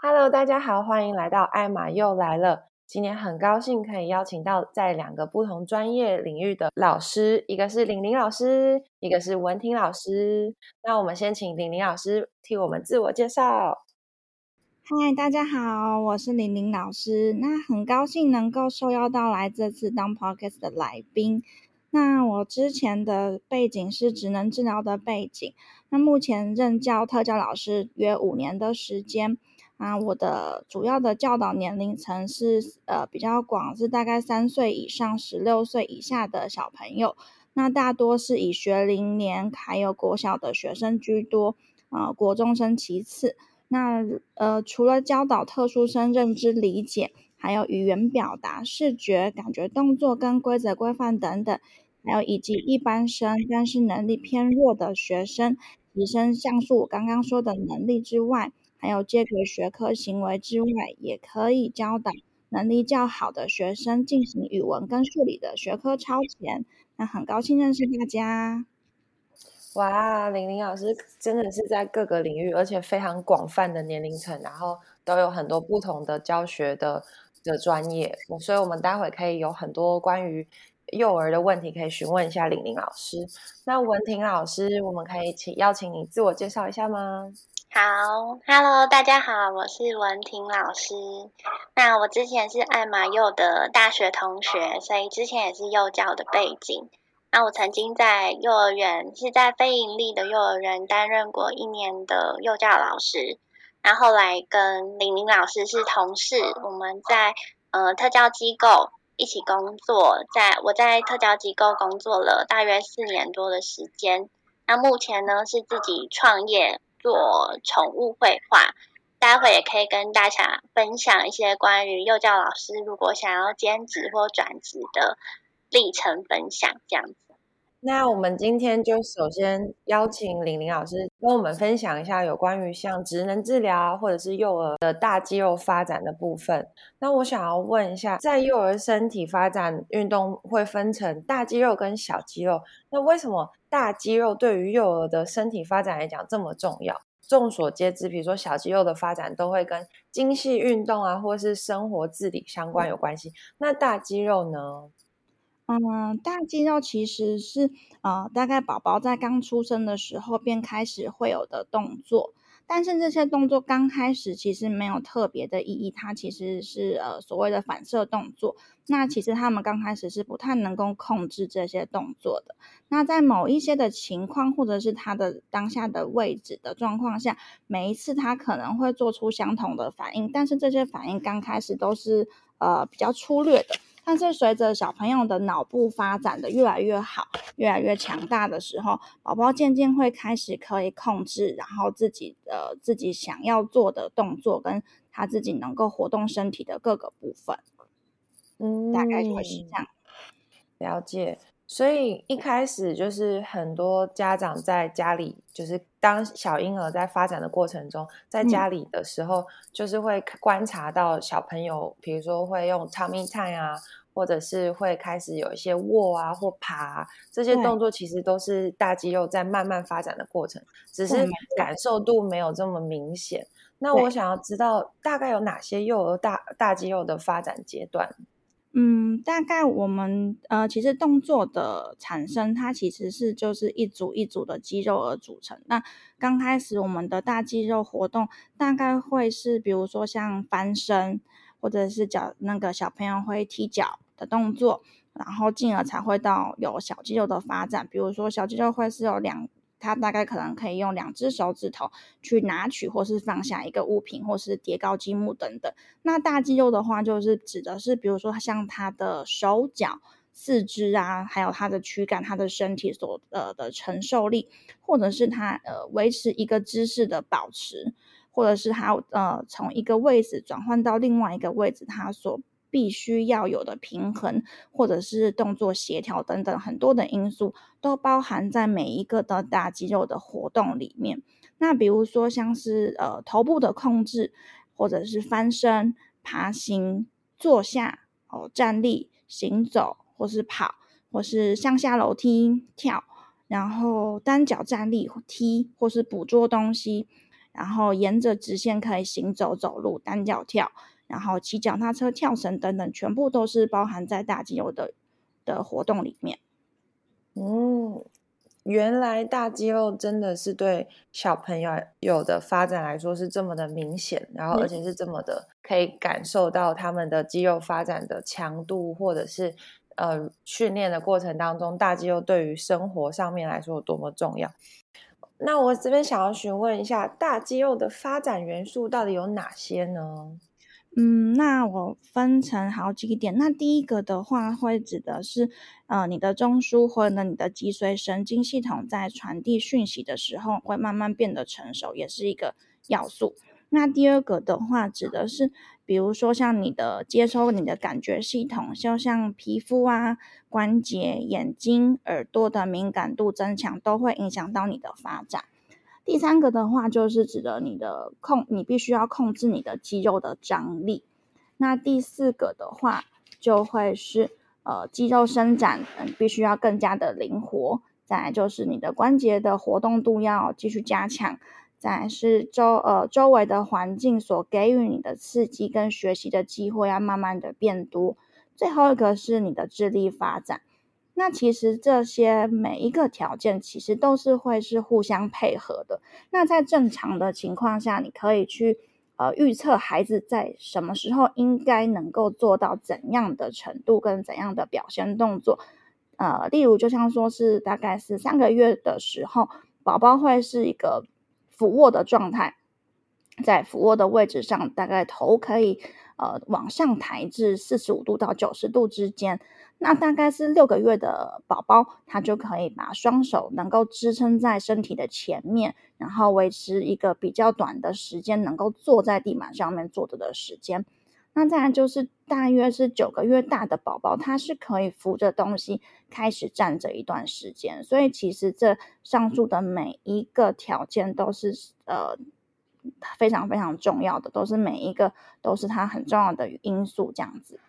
哈嘍，大家好，歡迎來到艾瑪又來了。今天很高興可以邀請到在兩個不同專業領域的老師，一個是伶伶老師，一個是文婷老師。那我們先請伶伶老師替我們自我介紹。嗨，大家好，我是伶伶老師。那很高興能夠受邀到來這次當 Podcast 的來賓。那我之前的背景是職能治療的背景，那目前任教特教老師約五年的時間。啊，我的主要的教導年齡層是呃比較廣，是大概三歲以上、十六歲以下的小朋友。那大多是以學齡年還有國小的學生居多，啊、呃，國中生其次。那呃，除了教導特殊生認知理解，還有語言表達、視覺、感覺、動作跟規則規範等等，還有以及一般生，但是能力偏弱的學生，提升像素我剛剛說的能力之外，還有這個學科行為之外，也可以教導能力較好的學生進行語文跟數理的學科超前。那很高興認識大家。哇，伶伶老師真的是在各個領域，而且非常廣泛的年齡層，然後都有很多不同的教學的的專業。所以，我們待會可以有很多關於。幼兒的問題可以詢問一下伶伶老師。那文婷老師，我們可以請邀請你自我介紹一下嗎？好，Hello，大家好，我是文婷老師。那我之前是艾瑪幼的大學同學，所以之前也是幼教的背景。那我曾經在幼兒園是在非營利的幼兒園擔任過一年的幼教老師。那後來跟伶伶老師是同事，我們在呃特教機構。一起工作，在我在特教機構工作了大約四年多的時間，那目前呢是自己創業做寵物繪畫，待會也可以跟大家分享一些關於幼教老師如果想要兼職或轉職的歷程分享，這樣子。那我們今天就首先邀請伶伶老師跟我們分享一下有關於像職能治療啊，或者是幼兒的大肌肉發展的部分。那我想要問一下，在幼兒身體發展運動會分成大肌肉跟小肌肉，那為什麼大肌肉對於幼兒的身體發展來講這麼重要？眾所皆知，比如說小肌肉的發展都會跟精細運動啊，或者是生活自理相關有關係。嗯、那大肌肉呢？嗯，大肌肉其實是呃，大概寶寶在剛出生的時候便開始會有的動作，但是這些動作剛開始其實沒有特別的意義，它其實是呃所謂的反射動作。那其實他們剛開始是不太能夠控制這些動作的。那在某一些的情況或者是他的當下的位置的狀況下，每一次他可能會做出相同的反應，但是這些反應剛開始都是呃比較粗略的。但是隨着小朋友的腦部發展的越來越好，越來越強大的時候，寶寶漸漸會開始可以控制，然後自己的自己想要做的動作，跟他自己能夠活動身體的各個部分，嗯，大概就會是這樣。了解。所以一開始就是很多家長在家裡，就是當小嬰兒在發展的過程中，在家裡的時候，就是會觀察到小朋友，比如說會用 tummy time 啊，或者是會開始有一些臥啊或爬啊這些動作，其實都是大肌肉在慢慢發展的過程，只是感受度沒有這麼明顯。那我想要知道大概有哪些幼兒大大肌肉的發展階段？嗯，大概我們呃，其實動作的產生，它其實是就是一組一組的肌肉而組成。那剛開始我們的大肌肉活動，大概會是比如說像翻身，或者是腳，那個小朋友會踢腳的動作，然後進而才會到有小肌肉的發展。比如說小肌肉會是有兩。他大概可能可以用兩隻手指頭去拿取，或是放下一個物品，或是疊高積木等等。那大肌肉的話，就是指的是，比如說像他的手腳、四肢啊，還有他的軀幹、他的身體所呃的承受力，或者是他呃維持一個姿勢的保持，或者是他呃從一個位置轉換到另外一個位置，他所。必須要有的平衡，或者是動作協調等等很多的因素，都包含在每一個的大肌肉的活動裡面。那比如說像是呃頭部的控制，或者是翻身、爬行、坐下、哦站立、行走或是跑，或是上下樓梯、跳，然後單腳站立、踢或是捕捉東西，然後沿着直線可以行走、走路、單腳跳。然後騎腳踏車、跳繩等等，全部都是包含在大肌肉的的活動裡面。嗯，原來大肌肉真的是對小朋友有的發展來說是這麼的明顯，然後而且是這麼的可以感受到他們的肌肉發展的強度，或者是呃訓練的過程當中，大肌肉對於生活上面來說有多麼重要。那我這邊想要詢問一下，大肌肉的發展元素到底有哪些呢？嗯，那我分成好幾點。那第一個的話，會指的是，呃，你的中樞或者你的脊髓神經系統在傳遞訊息的時候，會慢慢變得成熟，也是一個要素。那第二個的話，指的是，比如說像你的接收你的感覺系統，就像皮膚啊、關節、眼睛、耳朵的敏感度增強，都會影響到你的發展。第三個的話，就是指的你的控，你必須要控制你的肌肉的張力。那第四個的話，就會是呃肌肉伸展，嗯，必須要更加的靈活。再來就是你的關節的活動度要繼續加強。再來是周呃周圍的環境所給予你的刺激跟學習的機會要慢慢的變多。最後一個是你的智力發展。那其實這些每一個條件其實都是會是互相配合的。那在正常的情況下，你可以去呃預測孩子在什麼時候應該能夠做到怎樣的程度跟怎樣的表現動作。呃，例如就像說是大概是三個月的時候，寶寶會是一個俯臥的狀態，在俯臥的位置上，大概頭可以。呃，往上抬至四十五度到九十度之間，那大概是六個月的寶寶，他就可以把雙手能夠支撐在身體的前面，然後維持一個比較短的時間，能夠坐在地板上面坐着的時間。那再來就是大約是九個月大的寶寶，他是可以扶着東西開始站着一段時間。所以其實這上述的每一個條件都是，呃。非常非常重要的，都是每一個都是它很重要的因素，這樣子。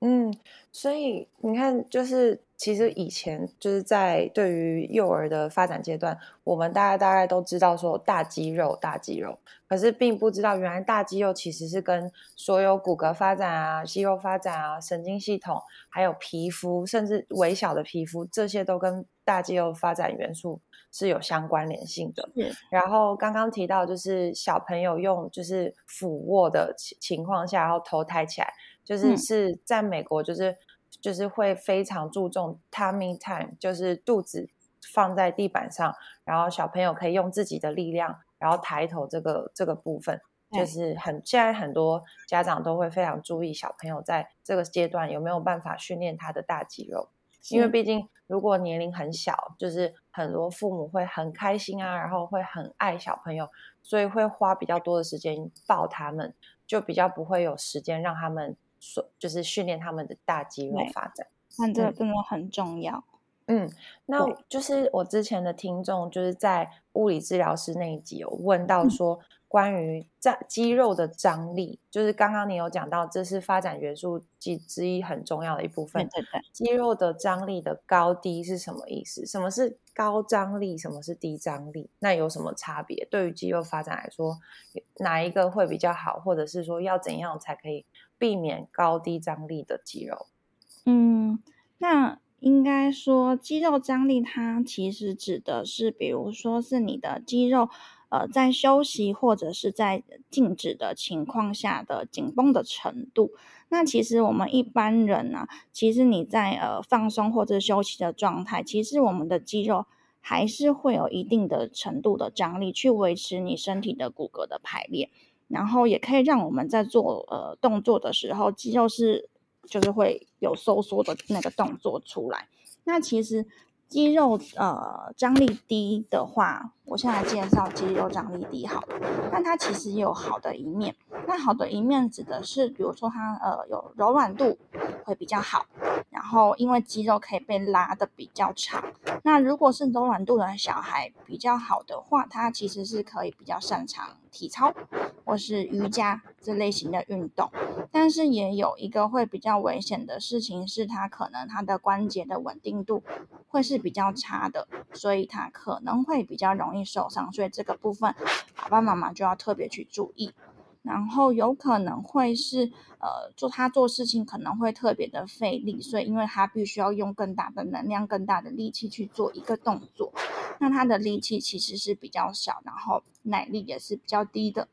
嗯，所以你看，就是其實以前就是在對於幼兒的發展階段，我們大家大概都知道說大肌肉、大肌肉，可是並不知道原來大肌肉其實是跟所有骨骼發展啊、肌肉發展啊、神經系統，還有皮膚，甚至微小的皮膚，這些都跟大肌肉發展元素。是有相關聯性的。嗯、然後剛剛提到，就是小朋友用就是俯臥的情況下，然後頭抬起來，就是是在美國，就是，嗯、就是會非常注重 tummy time，就是肚子放在地板上，然後小朋友可以用自己的力量，然後抬頭這個這個部分，就是很現在很多家長都會非常注意小朋友在這個階段有沒有辦法訓練他的大肌肉。因為畢竟，如果年齡很小，就是很多父母會很開心啊，然後會很愛小朋友，所以會花比較多的時間抱他們，就比較不會有時間讓他們說，就是訓練他們的大肌肉發展。那這個真的很重要嗯。嗯，那就是我之前的聽眾就是在物理治療師那一集有問到說。嗯關於在肌肉的張力，就是剛剛你有講到，這是發展元素之之一，很重要的一部分，對對對。肌肉的張力的高低是什麼意思？什麼是高張力？什麼是低張力？那有什麼差別？對於肌肉發展來說，哪一個會比較好？或者是說要怎樣才可以避免高低張力的肌肉？嗯，那應該說肌肉張力它其實指的是，比如說是你的肌肉。呃，在休息或者是在靜止的情況下的緊繃的程度，那其實我們一般人呢、啊，其實你在呃放鬆或者休息的狀態，其實我們的肌肉還是會有一定的程度的張力去維持你身體的骨骼的排列，然後也可以讓我們在做呃動作的時候，肌肉是就是會有收縮的那個動作出來。那其實。肌肉呃張力低的話，我先來介紹肌肉張力低好了。那它其實也有好的一面，那好的一面指的是，比如說它呃有柔軟度會比較好，然後因為肌肉可以被拉得比較長。那如果是柔軟度的小孩比較好的話，他其實是可以比較擅長。體操或是瑜伽這類型的運動，但是也有一個會比較危險的事情，是他可能他的關節的穩定度會是比較差的，所以他可能會比較容易受傷，所以這個部分爸爸媽媽就要特別去注意。然後有可能會是，呃，做他做事情可能會特別的費力，所以因為他必須要用更大的能量、更大的力氣去做一個動作，那他的力氣其實是比較小，然後耐力也是比較低的，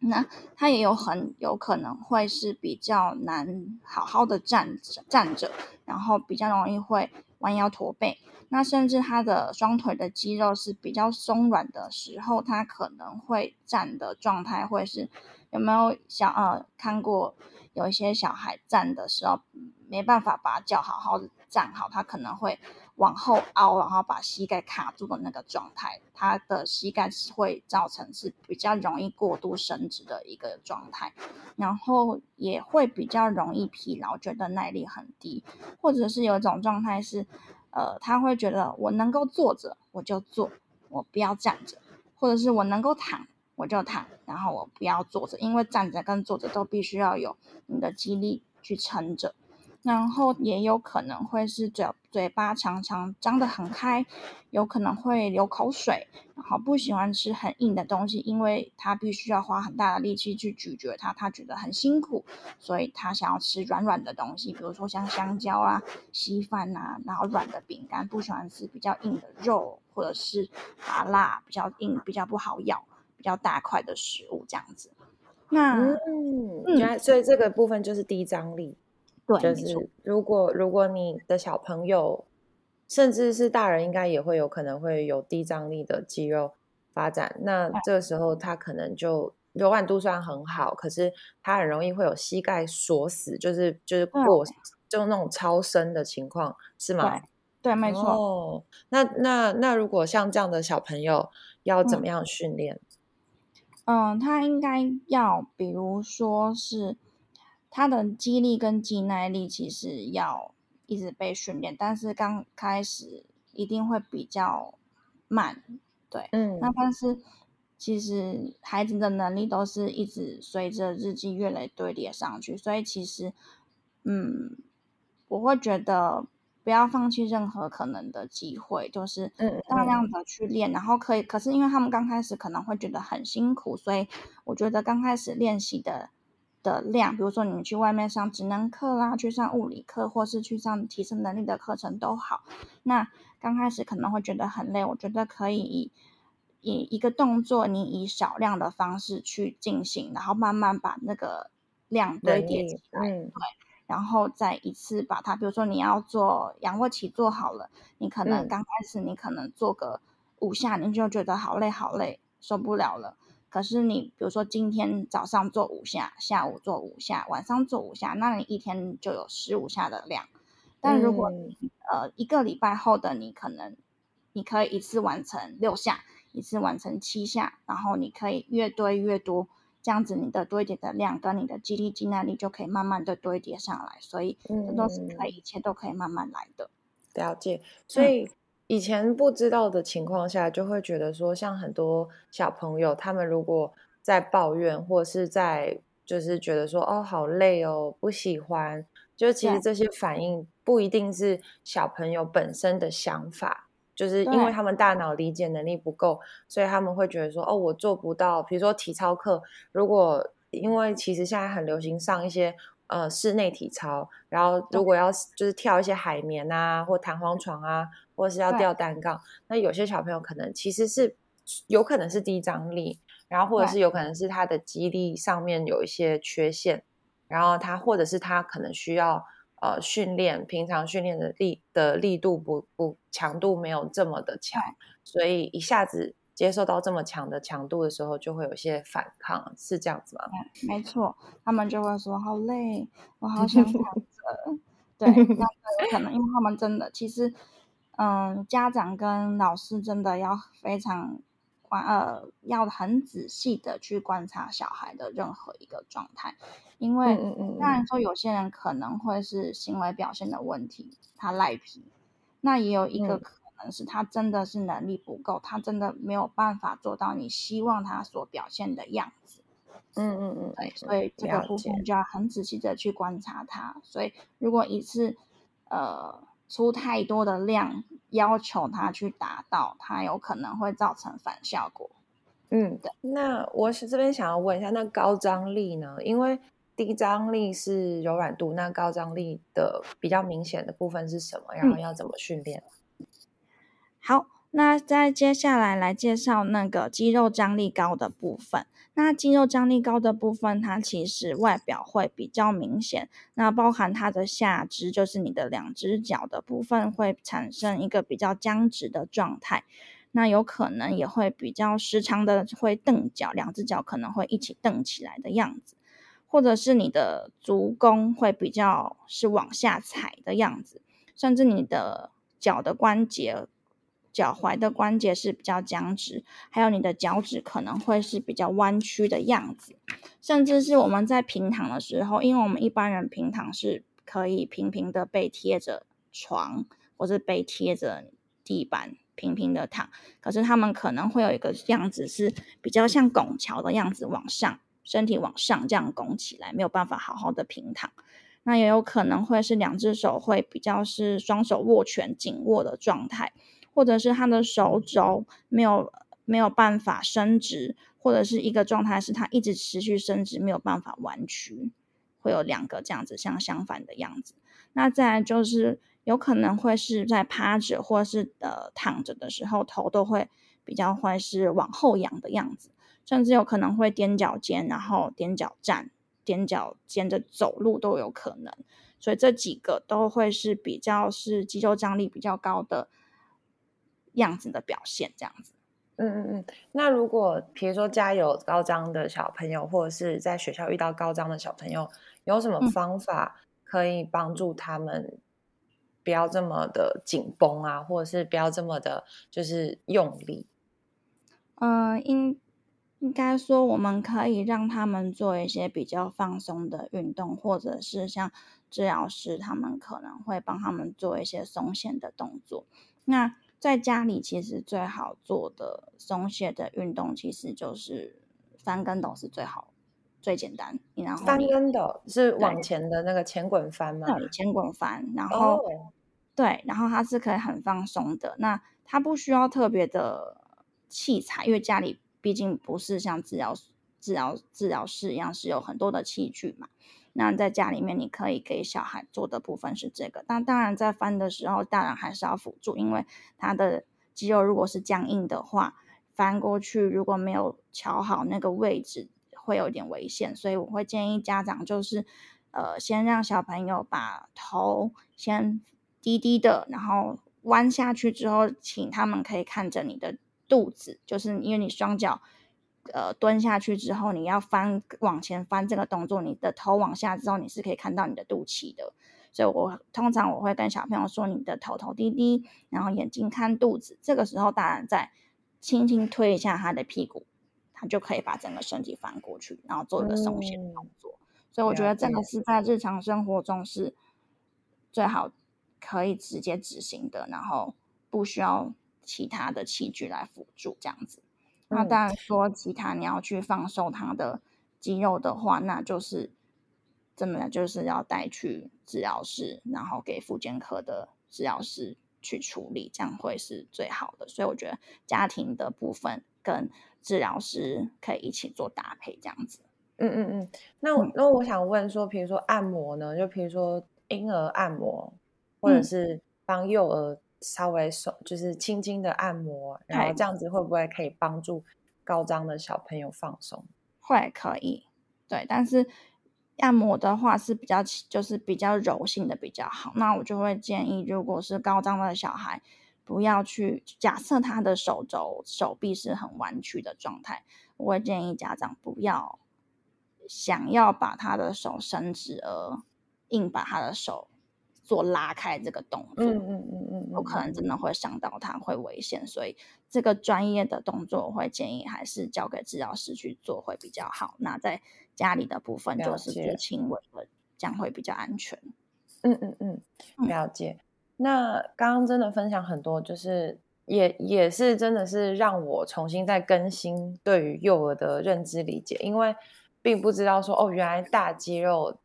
那他也有很有可能會是比較難好好的站站着，然後比較容易會彎腰駝背。那甚至他的雙腿的肌肉是比較鬆軟的時候，他可能會站的狀態會是有沒有小，呃，看過有一些小孩站的時候沒辦法把腳好好的站好，他可能會往後凹，然後把膝蓋卡住的那個狀態，他的膝蓋是會造成是比較容易過度伸直的一個狀態，然後也會比較容易疲勞，覺得耐力很低，或者是有一種狀態是。呃，他會覺得我能夠坐着，我就坐，我不要站着；或者是我能夠躺，我就躺，然後我不要坐着，因為站着跟坐着都必須要有你的肌力去撐着。然後也有可能會是嘴嘴巴常常張得很開，有可能會流口水，然後不喜歡吃很硬的東西，因為他必須要花很大的力氣去咀嚼它，他覺得很辛苦，所以他想要吃軟軟的東西，比如說像香蕉啊、稀飯啊，然後軟的餅乾，不喜歡吃比較硬的肉或者是麻辣，辣比較硬、比較不好咬、比較大塊的食物這樣子。那嗯，嗯，所以這個部分就是低張力。就是如果如果你的小朋友，甚至是大人，應該也會有可能會有低張力的肌肉發展。那這個時候他可能就柔軟度雖然很好，可是他很容易會有膝蓋鎖死，就是就是過就那種超伸的情況，是嗎？對，對，沒錯。哦，那那那如果像這樣的小朋友要怎麼樣訓練？嗯，呃，他應該要，比如說是。他的肌力跟肌耐力其實要一直被訓練，但是剛開始一定會比較慢，對，嗯，那但是其實孩子的能力都是一直隨着日積月累堆疊上去，所以其實，嗯，我會覺得不要放棄任何可能的機會，就是大量的去練，嗯，然後可以，可是因為他們剛開始可能會覺得很辛苦，所以我覺得剛開始練習的。的量，比如說你們去外面上職能課啦，去上物理課，或是去上提升能力的課程都好。那剛開始可能會覺得很累，我覺得可以以以一個動作，你以少量的方式去進行，然後慢慢把那個量堆疊起來。對，嗯。然後再一次把它，比如說你要做仰臥起坐，好了，你可能剛開始你可能做個五下，你就覺得好累好累，受不了了。可是你，比如說今天早上做五下，下午做五下，晚上做五下，那你一天就有十五下的量。但如果你、嗯、呃一個禮拜後的你可能，你可以一次完成六下，一次完成七下，然後你可以越堆越多，這樣子你的堆疊的量跟你的肌力肌耐力就可以慢慢的堆疊上來。所以這都是可以，一切都可以慢慢來的。嗯、了解、嗯，所以。以前不知道的情況下，就會覺得說，像很多小朋友，他們如果在抱怨，或是在就是覺得說，哦，好累哦，不喜歡。就其實這些反應不一定是小朋友本身的想法，就是因為他們大腦理解能力不夠，所以他們會覺得說，哦，我做不到。比如說體操課，如果因為其實現在很流行上一些呃室內體操，然後如果要就是跳一些海綿啊或彈簧床啊。或是要吊單槓，那有些小朋友可能其實是有可能是低張力，然後或者是有可能是他的肌力上面有一些缺陷，然後他或者是他可能需要呃訓練，平常訓練的力的力度不不強度沒有這麼的強，所以一下子接受到這麼強的強度的時候，就會有些反抗，是這樣子嗎？沒錯，他們就會說好累，我好想躺着。 對，那可能因為他們真的其實。嗯，家長跟老師真的要非常關，呃，要很仔細的去觀察小孩的任何一個狀態，因為當然說有些人可能會是行為表現的問題，他賴皮，那也有一個可能是他真的是能力不夠，他真的沒有辦法做到你希望他所表現的樣子。嗯嗯嗯，對，所以這個部分就要很仔細的去觀察他嗯嗯。所以如果一次呃，出太多的量，要求它去達到，它有可能會造成反效果。嗯，對。那我是這邊想要問一下，那高張力呢？因為低張力是柔軟度，那高張力的比較明顯的部分是什麼？然後要怎麼訓練？嗯、好，那再接下來來介紹那個肌肉張力高的部分。那肌肉張力高的部分，它其實外表會比較明顯。那包含它的下肢，就是你的兩隻腳的部分，會產生一個比較僵直的狀態。那有可能也會比較時常的會蹬腳，兩隻腳可能會一起蹬起來的樣子，或者是你的足弓會比較是往下踩的樣子，甚至你的腳的關節。腳踝的關節是比較僵直，還有你的腳趾可能會是比較彎曲的樣子，甚至是我們在平躺的時候，因為我們一般人平躺是可以平平的被貼着床，或是被貼着地板平平的躺，可是他們可能會有一個樣子是比較像拱橋的樣子，往上身體往上這樣拱起來，沒有辦法好好的平躺，那也有可能會是兩隻手會比較是雙手握拳緊握的狀態。或者是他的手肘沒有沒有辦法伸直，或者是一個狀態是他一直持續伸直，沒有辦法彎曲，會有兩個這樣子相相反的樣子。那再來就是有可能會是在趴着或者是呃躺着的時候，頭都會比較會是往後仰的樣子，甚至有可能會踮腳尖，然後踮腳站、踮腳尖着走路都有可能。所以這幾個都會是比較是肌肉張力比較高的。樣子的表現，這樣子，嗯嗯嗯。那如果比如說家有高張的小朋友，或者是在學校遇到高張的小朋友，有什麼方法可以幫助他們不要這麼的緊繃啊，或者是不要這麼的就是用力？嗯、呃，應應該說我們可以讓他們做一些比較放鬆的運動，或者是像治療師他們可能會幫他們做一些鬆懈的動作。那在家裡其實最好做的鬆懈的運動，其實就是翻跟斗是最好、最簡單。你然後你翻跟斗是往前的那個前滾翻嘛，前滾翻，然後、oh. 對，然後它是可以很放鬆的。那它不需要特別的器材，因為家裡畢竟不是像治療室。治療治療室一樣是有很多的器具嘛，那在家裡面你可以給小孩做的部分是這個，但當然在翻的時候，大人還是要輔助，因為他的肌肉如果是僵硬的話，翻過去如果沒有喬好那個位置，會有點危險，所以我會建議家長就是，呃，先讓小朋友把頭先低低的，然後彎下去之後，請他們可以看着你的肚子，就是因為你雙腳。呃，蹲下去之後，你要翻，往前翻這個動作，你的頭往下之後，你是可以看到你的肚臍的。所以我通常我會跟小朋友說：“你的頭頭低低，然後眼睛看肚子。”這個時候，大人再輕輕推一下他的屁股，他就可以把整個身體翻過去，然後做一個鬆弛的動作、嗯。所以我覺得這個是在日常生活中是最好可以直接執行的，然後不需要其他的器具來輔助這樣子。那當然，說其他你要去放鬆他的肌肉的話，那就是怎麼就是要帶去治療室，然後給復健科的治療師去處理，這樣會是最好的。所以我覺得家庭的部分跟治療師可以一起做搭配，這樣子。嗯嗯嗯。那我那我想問說，比如說按摩呢，就比如說嬰兒按摩，或者是幫幼兒。稍微手就是輕輕的按摩，然後這樣子會不會可以幫助高張的小朋友放鬆？會可以，對。但是按摩的話是比較就是比較柔性的比較好。那我就會建議，如果是高張的小孩，不要去假設他的手肘、手臂是很彎曲的狀態。我會建議家長不要想要把他的手伸直，而硬把他的手，做拉開這個動作，嗯嗯嗯有、嗯嗯、可能真的會傷到他，會危險，所以這個專業的動作我會建議還是交給治療師去做會比較好。那在家裡的部分就是輕微的，這樣會比較安全。嗯嗯嗯，嗯了解。那剛剛真的分享很多，就是也也是真的是讓我重新再更新對於幼兒的認知理解，因為並不知道說哦，原來大肌肉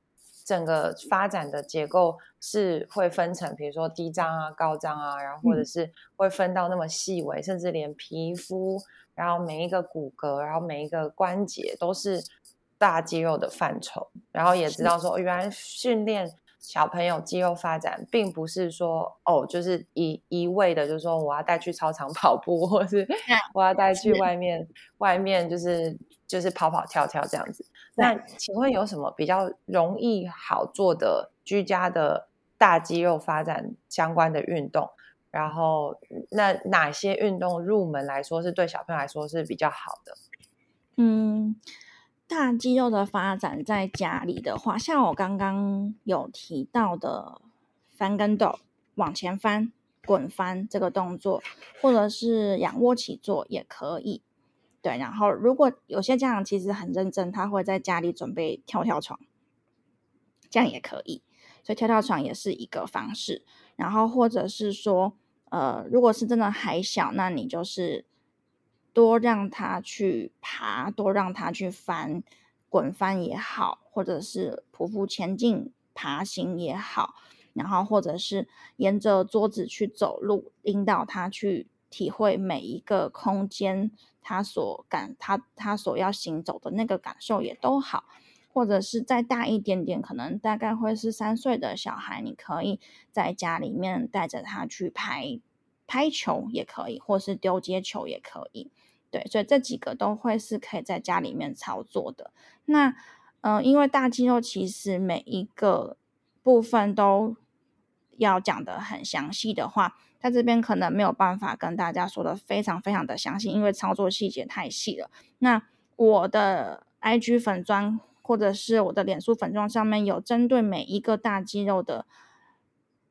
整個發展的結構。是會分成，比如說低張啊、高張啊，然後或者是會分到那麼細微，嗯，甚至連皮膚，然後每一個骨骼、然後每一個關節都是大肌肉的範疇。然後也知道說，原來訓練小朋友肌肉發展，並不是說哦，就是一一味的，就是說我要帶去操場跑步，或者是我要帶去外面 外面就是就是跑跑跳跳這樣子。那，那請問有什麼比較容易好做的居家的？大肌肉發展相關的運動，然後那哪些運動入門來說是對小朋友來說是比較好的？嗯，大肌肉的發展在家裡的話，像我剛剛有提到的翻跟斗、往前翻、滾翻這個動作，或者是仰臥起坐也可以。對，然後如果有些家長其實很認真，他會在家裡準備跳跳床，這樣也可以。所以跳跳床也是一個方式，然後或者是說，呃，如果是真的還小，那你就是多讓他去爬，多讓他去翻、滾翻也好，或者是匍匐前進、爬行也好，然後或者是沿着桌子去走路，引導他去體會每一個空間，他所感，他他所要行走的那個感受也都好。或者是再大一點點，可能大概會是三歲的小孩，你可以在家裡面帶着他去拍拍球，也可以，或是丟接球也可以。對，所以這幾個都會是可以在家裡面操作的。那，嗯、呃，因為大肌肉其實每一個部分都要講得很詳細的話，他這邊可能沒有辦法跟大家說得非常非常的詳細，因為操作細節太細了。那我的 IG 粉專。或者是我的臉書粉狀上面有針對每一個大肌肉的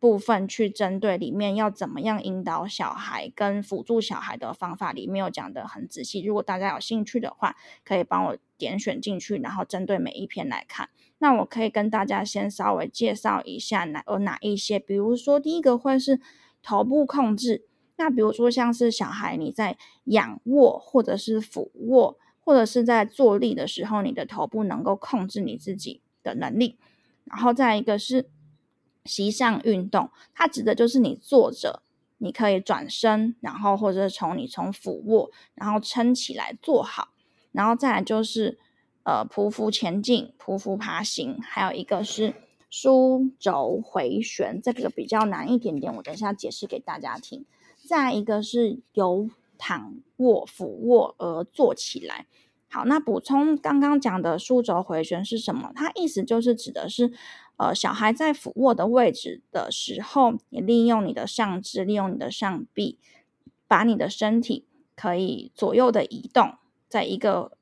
部分去針對裡面要怎麼樣引導小孩跟輔助小孩的方法，裡面有講得很仔細。如果大家有興趣的話，可以幫我點選進去，然後針對每一篇來看。那我可以跟大家先稍微介紹一下哪有哪一些，比如說第一個會是頭部控制，那比如說像是小孩你在仰臥或者是俯臥。或者是在坐立的時候，你的頭部能夠控制你自己的能力。然後再一個是席上運動，它指的就是你坐着，你可以轉身，然後或者是從你從俯臥，然後撐起來坐好。然後再來就是呃匍匐前進、匍匐爬行，還有一個是樞軸回旋，這個比較難一點點，我等一下解釋給大家聽。再一個是由躺臥、臥、俯、呃、臥、而坐起來。好，那補充剛剛講的豎軸回旋是什麼？它意思就是指的是，呃，小孩在俯臥的位置的時候，你利用你的上肢，利用你的上臂，把你的身體可以左右的移動，在一個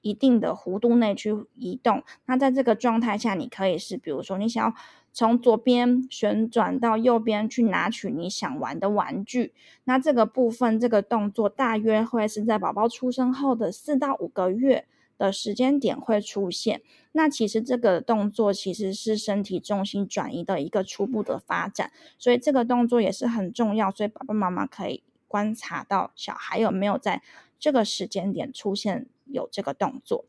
一定的弧度內去移動。那在這個狀態下，你可以是，比如說，你想要。從左邊旋轉到右邊去拿取你想玩的玩具，那這個部分這個動作大約會是在寶寶出生後的四到五個月的時間點會出現。那其實這個動作其實是身體重心轉移的一個初步的發展，所以這個動作也是很重要。所以爸爸媽媽可以觀察到小孩有沒有在這個時間點出現有這個動作。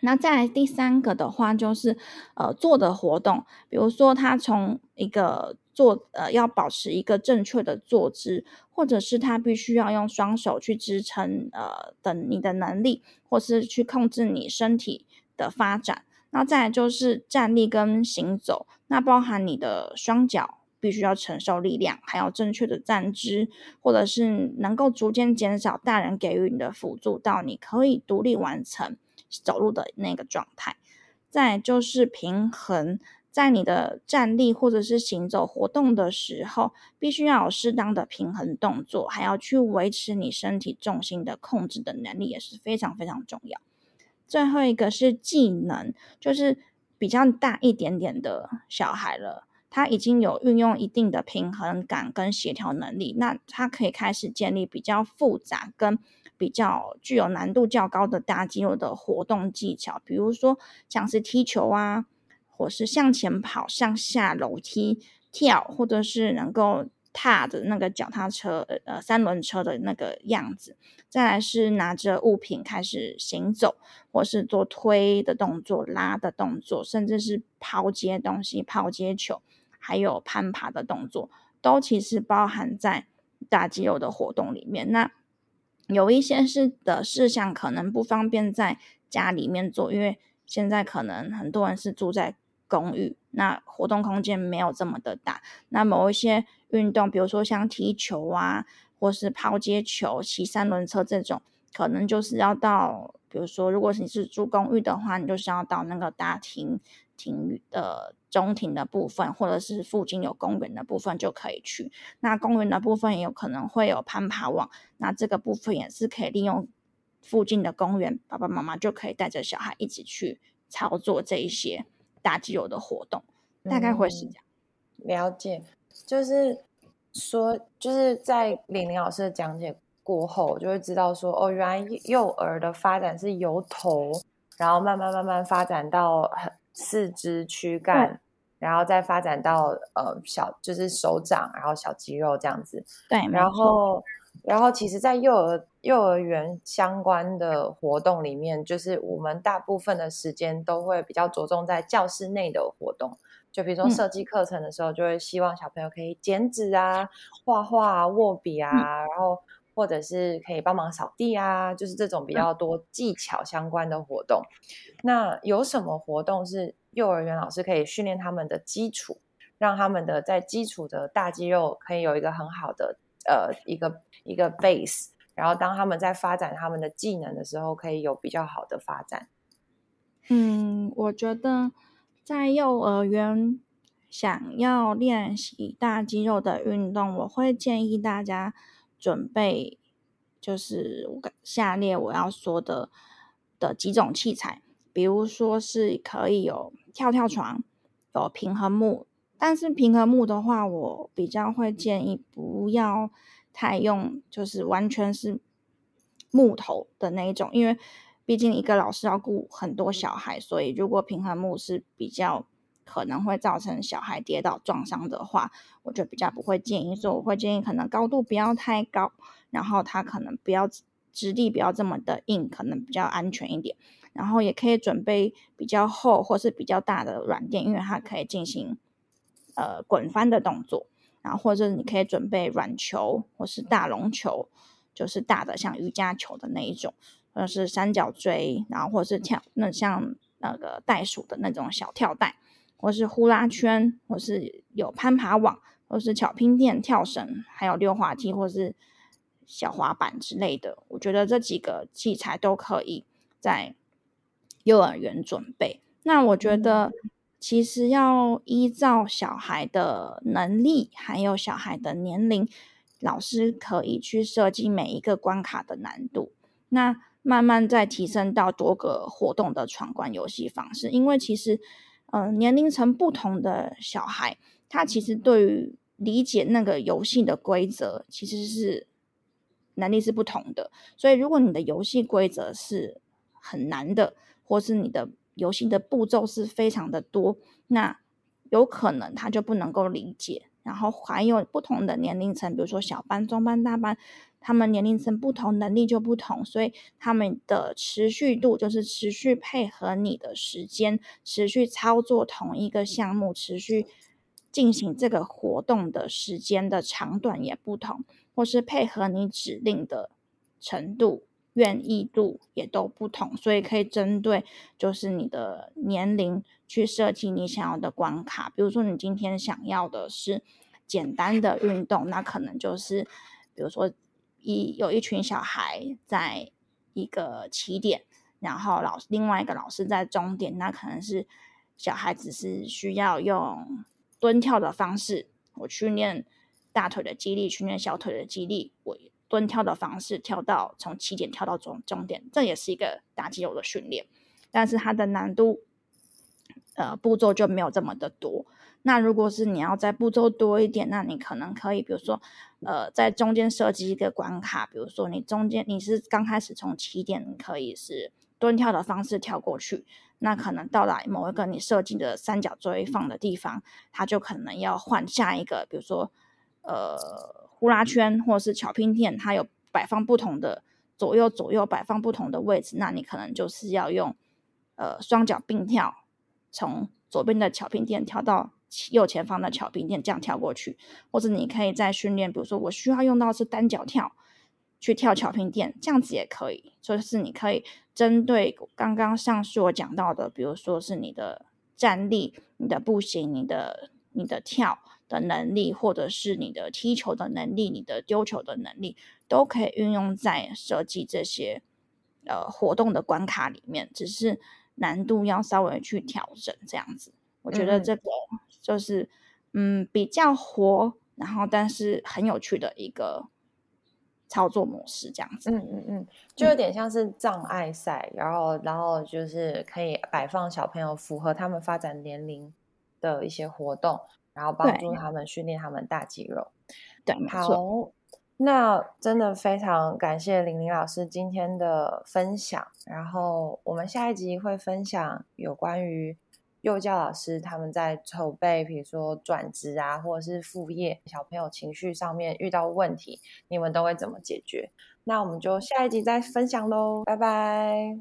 那再來第三個的話，就是呃坐的活動，比如說他從一個坐呃要保持一個正確的坐姿，或者是他必須要用雙手去支撐呃等你的能力，或是去控制你身體的發展。那再來就是站立跟行走，那包含你的雙腳必須要承受力量，還有正確的站姿，或者是能夠逐漸減少大人給予你的輔助到你可以獨立完成。走路的那個狀態，再就是平衡，在你的站立或者是行走活動的時候，必須要有適當的平衡動作，還要去維持你身體重心的控制的能力也是非常非常重要。最後一個是技能，就是比較大一點點的小孩了，他已經有運用一定的平衡感跟協調能力，那他可以開始建立比較複雜跟。比較具有難度較高的大肌肉的活動技巧，比如說像是踢球啊，或是向前跑、向下樓梯跳，或者是能夠踏着那個腳踏車、呃，三輪車的那個樣子；再來是拿着物品開始行走，或是做推的動作、拉的動作，甚至是拋接東西、拋接球，還有攀爬的動作，都其實包含在大肌肉的活動裡面。那有一些事的事項可能不方便在家裡面做，因為現在可能很多人是住在公寓，那活動空間沒有這麼的大。那某一些運動，比如說像踢球啊，或是拋接球、騎三輪車這種，可能就是要到，比如說，如果你是住公寓的話，你就是要到那個大廳。庭、呃、的中庭的部分，或者是附近有公園的部分就可以去。那公園的部分也有可能會有攀爬網，那這個部分也是可以利用附近的公園，爸爸媽媽就可以帶着小孩一起去操作這一些大肌肉的活動、嗯。大概會是這樣。了解，就是說，就是在伶伶老師的講解過後，我就會知道說，哦，原來幼兒的發展是由頭，然後慢慢慢慢發展到很。四肢、軀幹，然後，再發展到呃小，就是手掌，然後小肌肉這樣子。對，然後，然後其實，在幼兒幼兒園相關的活動裡面，就是我們大部分的時間都會比較着重在教室內的活動，就比如說設計課程的時候，嗯、就會希望小朋友可以剪紙啊、畫畫啊、握筆啊，嗯、然後。或者是可以幫忙掃地啊，就是這種比較多技巧相關的活動。那有什麼活動是幼兒園老師可以訓練他們的基礎，讓他們的在基礎的大肌肉可以有一個很好的呃一個一個 base，然後當他們在發展他們的技能的時候，可以有比較好的發展。嗯，我覺得在幼兒園想要練習大肌肉的運動，我會建議大家。準備就是我下列我要說的的幾種器材，比如說是可以有跳跳床，有平衡木。但是平衡木的話，我比較會建議不要太用，就是完全是木頭的那一種，因為畢竟一個老師要顧很多小孩，所以如果平衡木是比較。可能會造成小孩跌倒撞傷的話，我就比較不會建議，所以我會建議可能高度不要太高，然後他可能不要直立，不要這麼的硬，可能比較安全一點。然後也可以準備比較厚或是比較大的軟墊，因為他可以進行呃滾翻的動作。然後或者你可以準備軟球或是大絨球，就是大的像瑜伽球的那一種，或者是三角錐，然後或者是跳那像那個袋鼠的那種小跳袋。或是呼啦圈，或是有攀爬網，或是巧拼墊、跳繩，還有溜滑梯，或是小滑板之類的。我覺得這幾個器材都可以在幼兒園準備。那我覺得，其實要依照小孩的能力還有小孩的年齡，老師可以去設計每一個關卡的難度。那慢慢再提升到多個活動的闖關遊戲方式，因為其實。嗯、呃，年齡層不同的小孩，他其實對於理解那個遊戲的規則，其實是能力是不同的。所以，如果你的遊戲規則是很難的，或是你的遊戲的步驟是非常的多，那有可能他就不能夠理解。然後還有不同的年齡層，比如說小班、中班、大班。他們年齡層不同，能力就不同，所以他們的持續度就是持續配合你的時間、持續操作同一個項目、持續進行這個活動的時間的長短也不同，或是配合你指令的程度、願意度也都不同，所以可以針對就是你的年齡去設計你想要的關卡。比如說，你今天想要的是簡單的運動，那可能就是比如說。一有一群小孩在一個起點，然後老另外一個老師在終點，那可能是小孩子是需要用蹲跳的方式，我訓練大腿的肌力，訓練小腿的肌力，我蹲跳的方式跳到從起點跳到終終點，這也是一個大肌肉的訓練，但是它的難度呃步驟就沒有這麼的多。那如果是你要在步驟多一點，那你可能可以，比如說，呃，在中間設計一個關卡，比如說你中間你是剛開始從起點可以是蹲跳的方式跳過去，那可能到達某一個你設計的三角錐放的地方，它就可能要換下一個，比如說，呃，呼啦圈或者是巧拼墊，它有擺放不同的左右左右擺放不同的位置，那你可能就是要用，呃，雙腳並跳從左邊的巧拼墊跳到。右前方的巧平墊這樣跳過去，或者你可以再訓練，比如說我需要用到是單腳跳去跳巧平墊，這樣子也可以。所、就、以是你可以針對剛剛上述我講到的，比如說是你的站立、你的步行、你的你的跳的能力，或者是你的踢球的能力、你的丟球的能力，都可以運用在設計這些呃活動的關卡裡面，只是難度要稍微去調整這樣子。我覺得這個就是嗯，嗯比較活，然後但是很有趣的一個操作模式，這樣子。嗯嗯嗯，就有點像是障礙賽，然、嗯、後然後就是可以擺放小朋友符合他們發展年齡的一些活動，然後幫助他們訓練他們大肌肉。對，對，好，那真的非常感謝伶伶老師今天的分享。然後我們下一集會分享有關於。幼教老師他們在籌備，比如說轉職啊，或者是副業，小朋友情緒上面遇到問題，你們都會怎麼解決？那我們就下一集再分享嘍，拜拜。